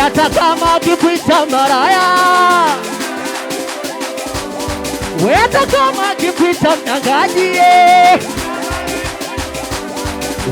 hata kama akikuita maraya, we hata kama akikuita mdangaji,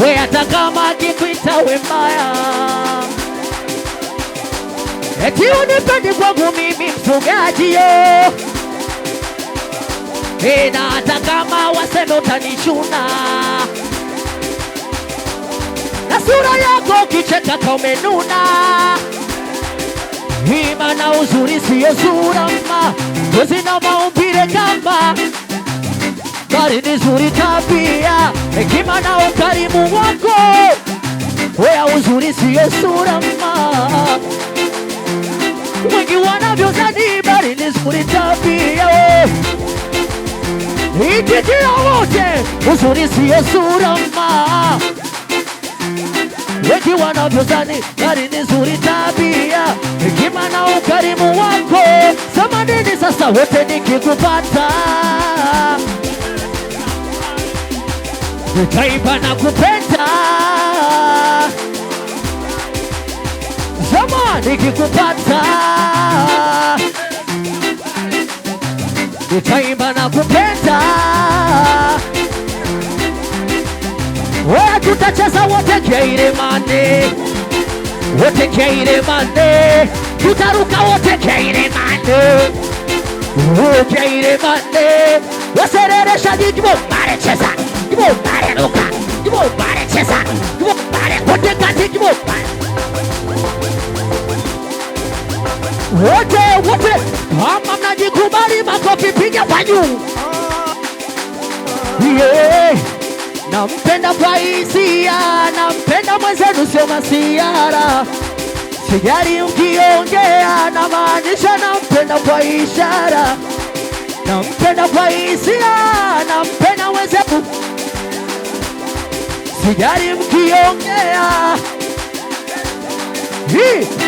we hata kama akikuita we mbaya, eti unipendi kwangu mimi mfugaji, ina hata kama waseme utanishuna na sura yako kicheka kaumenuna hima na uzuri siye sura mma wezi na maumbile kama bali ni zuri tabia hekima na ukarimu wako weya uzuri siye sura mma wengi wanavyozani bali ni zuri tabia ikijia wote uzuri siye sura wengi wanavyozani, bali ni zuri tabia, hekima na ukarimu wako. Sema nini sasa wote nikikupata nitaiba na kupenda. Sema nikikupata nitaiba na kupenda tutacheza wote Jeremani, wote Jeremani, tutaruka wote Jeremani, Jeremani, wasereresha jiji mobare cheza, mobare ruka, mobare cheza, mobare wote kazi mobare wote wote, kama mnajikubali, makofi piga kwa juu. Yeah. nampenda kwa hisia, nampenda mwenzenu sio masiara, sijali mkiongea, na maanisha nampenda kwa ishara, nampenda kwa hisia, nampenda mwenzenu, sijali mkiongea,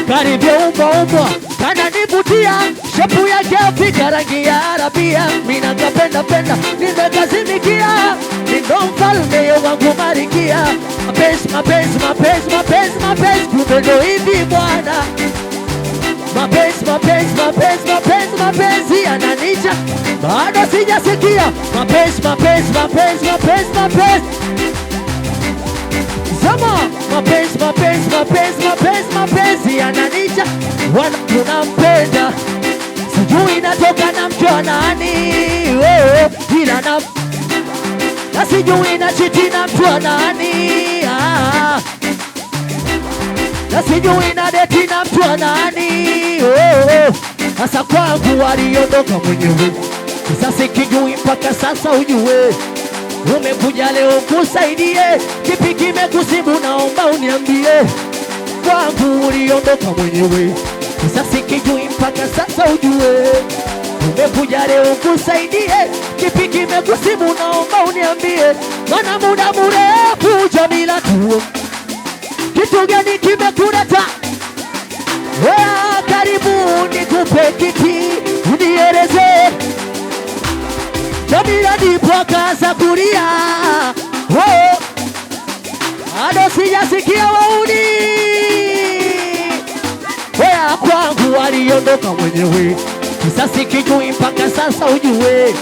karibia umbaumbwa ananivutia shepu yake apiga rangi ya Arabia, mina kapenda penda nimekazimikia, nindo mfalme wangu marikia, mapenzi mapenzi mapenzi mapenzi mapenzi, kumbe hivi bwana, mapenzi mapenzi mapenzi mapenzi mapenzi ananicha, bado sijasikia mapenzi mapenzi mapenzi mapenzi mapenzi kama mapenzi mapenzi mapenzi mapenzi mapenzi yananija wana unampenda sijui inatoka na mchwa nani oh, ila na na sijui na na mchwa nani ah. na sijui na na mchwa nani wewe oh, kwangu waliondoka mwenyewe sasa sikijui mpaka sasa ujue Umekuja leo kusaidie, kipi kimekusibu? Naomba uniambie. Kwangu uliondoka mwenyewe, sasa sikijui mpaka sasa ujue. Umekuja leo kusaidie, kipi kimekusibu? Naomba uniambie, mana muda mrefu Jamila tu, kitu gani kimekuleta? Wea, karibu nikupe kiti, unieleze Jamila ndipo akaanza kulia oh. sijasikia wauni wea kwangu waliondoka mwenyewe, kisa kijui mpaka sasa ujue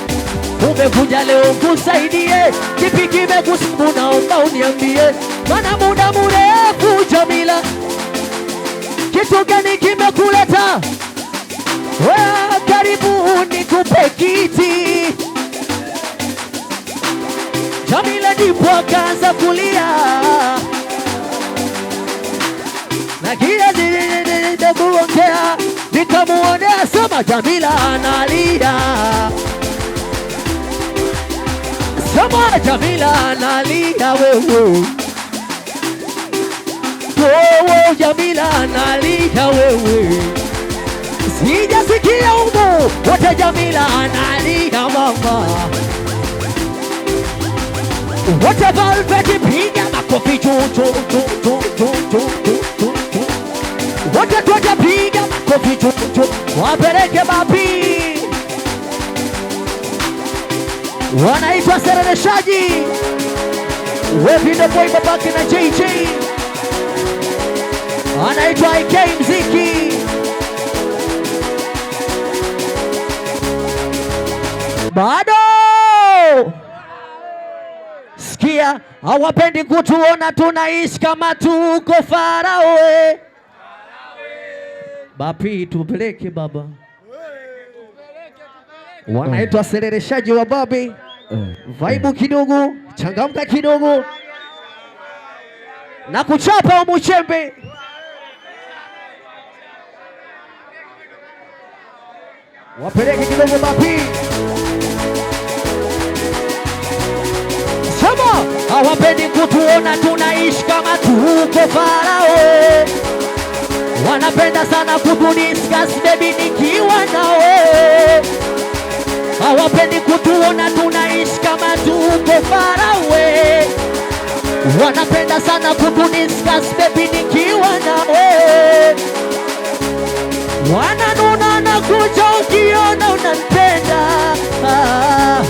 umekuja leo kusaidie, kipi kimekusibu? Naomba uniambie, mana muda murefu Jamila, kitu gani kimekuleta? Wea karibu nikupe kiti ndipo akaanza kulia na kila nilipomuongea nikamuonea sema Jamila analia sema Jamila analia wewe wewe Jamila analia wewe sijasikia umu wote Jamila analia mama wote Velvet piga makofi juu Wote twaja piga makofi juu wapeleke mapi. Wanaitwa Sereleshaji, Wevi Boy babake na JJ, anaitwa IK Mziki. Bado Sikia, hawapendi kutuona tunaishi kama tuko Farawe. Bapi, tupeleke baba, wanaitwa wacelereshaji oh. wa babi. Oh. Vaibu oh. kidogo, changamka kidogo na kuchapa umuchembe wapeleke kidogo bapi hawapendi kutuona tunaishi kama tuko Farao. Wanapenda sana kudiscuss baby, nikiwa nao hawapendi kutuona tunaishi kama tuko Farao. Wanapenda sana kudiscuss baby, nikiwa nao wananuna na kuja, ukiona unampenda ah,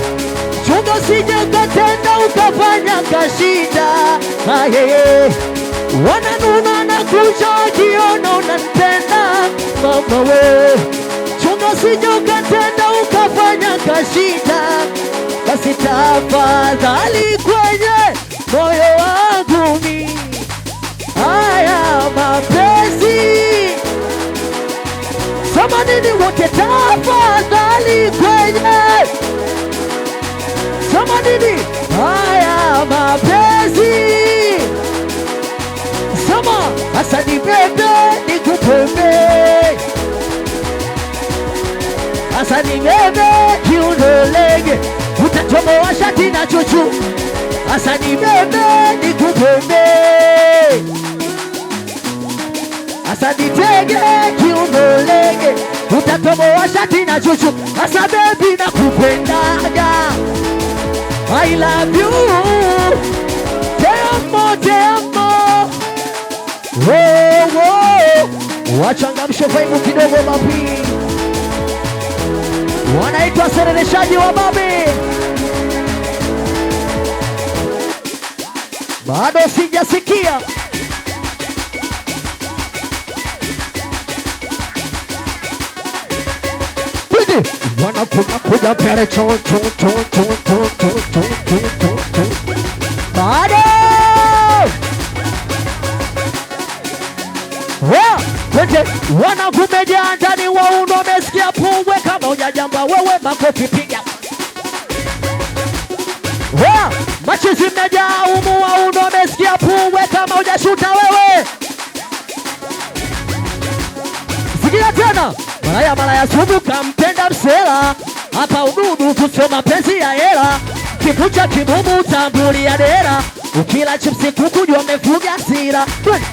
chunga sije katenda ukafanya kashinda. ayeye ah, wananuna na kuja wakiona unanitenda mama we, chunga sija ukatenda ukafanya kashinda. Basi tafadhali kwenye moyo wangu mi haya mapenzi samanini wote, tafadhali kwenye kwa nini haya mapenzi? Sema sasa, nibebe nikupende, sasa nibebe kiundolege, utatoboa shati na chuchu, sasa nibebe nikupende, sasa nitege kiundolege, utatoboa shati na chuchu, sasa bebi nakupendaga I love you demo demo, oh, oh. Wachangamshe vaibu kidogo mapi, wanaitwa sereleshaji wa babi. Bado sijasikia wanakuja kuja pere cho cho cho cho cho cho cho cho cho cho bado Wete wanakumejaa ndani waundo, umesikia pungwe kama hujajamba wewe, makofi piga Wea, machi zimejaa umu waundo, umesikia pungwe kama hujashuta wewe, sikia tena Malaya malaya sumbuka mpenda msela hapa ududu kusio mapenzi ya hela kivucha kibubu tambulia dera ukila chipsi kuku jua umefuga sira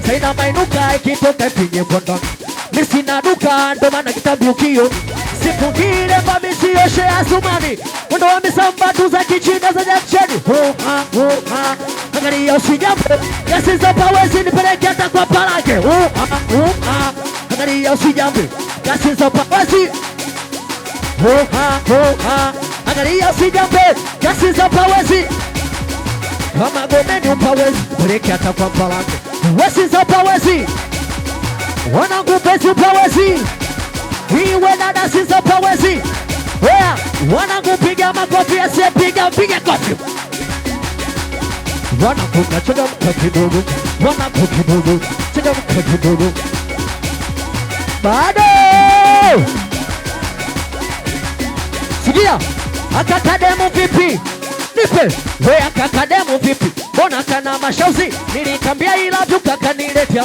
saina mainuka ikitoka ipinye kondoni mi sina duka ndo kitabukio siku ngine mamisiyoshe asumani mwendo wa misambatu za kichina za jakcheni homa homa angalia usijapo gasi za pawezi nipeleke hata kwa palage homa homa angalia usijambi that is a power. za pawezi kama gomeni upawezi, peleke hata kwa mpalanga, wesi za pawezi wanangu pesi upawezi, iwe dada za pawezi Wea, wanangu piga makofi, asiyepiga piga kofi. Wanangu nachanga mka kidogo, wanangu kidogo, changa mka kidogo bado. Sikia akakademu vipi? Nipe we akakademu vipi? Mbona kana mashauzi? Nilikambia ila duka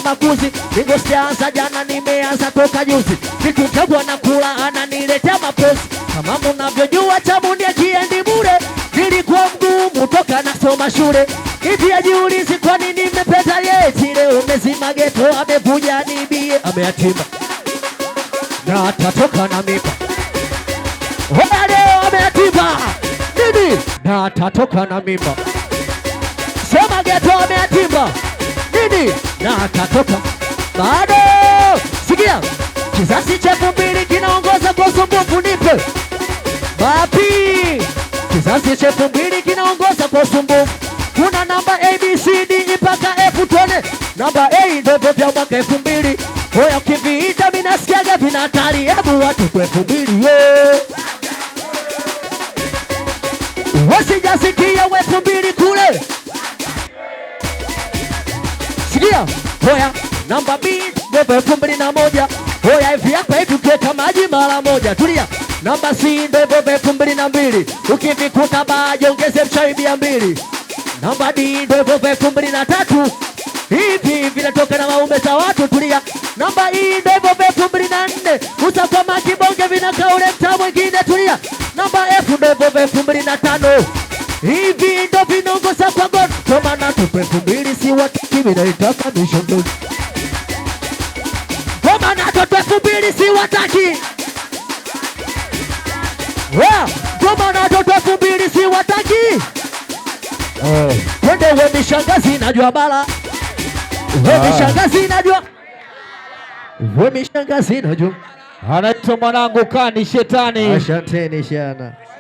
makuzi. Ningo sianza jana, nimeanza toka juzi. Vitu na kula ananiletea mapozi. Kama munavyojua tabu ndiye kiendi bure. Nilikuwa mgumu toka nasoma shule. Hivi ajiulizi kwa nini mmepeta yeti? Leo umezima geto amebuja nibie ameatima na tatoka na miba leo ameatimba nini na tatoka na mimba sema geto nini na bado sikia kizazi cha elfu mbili kinaongoza kwa usumbufu nipe bapi kizazi cha elfu mbili kinaongoza kwa usumbufu kuna namba abcd e, mpaka f namba a ndovo vya mwaka elfu mbili hoya kivi Levi na Tari, hebu watupe fubiri wasijasikia we fubiri kule, sikia hoya namba B debe elfu mbili na moja hoya hivi hapa hivi ukiweka maji mara moja tulia namba C debe elfu mbili na mbili ukivikuta baji ongeze mchawi mia mbili namba D debe elfu mbili na tatu hivi vinatoka na maume za watu tulia namba hii Devo Bepu mbili na nne utapama kibonge vinakaule mtaa mwingine tulia. Namba F Devo Bepu mbili na tano hivi ndo vinongoza kwa gon tomana tupe elfu mbili si wataki vinaitaka mishondoni tomana tupe elfu mbili si wataki tomana tupe elfu mbili si wataki eh, twende we mishangazi najua bala we mishangazi ah. najua najua anaitwa mwanangu kani shetani. Asanteni sana.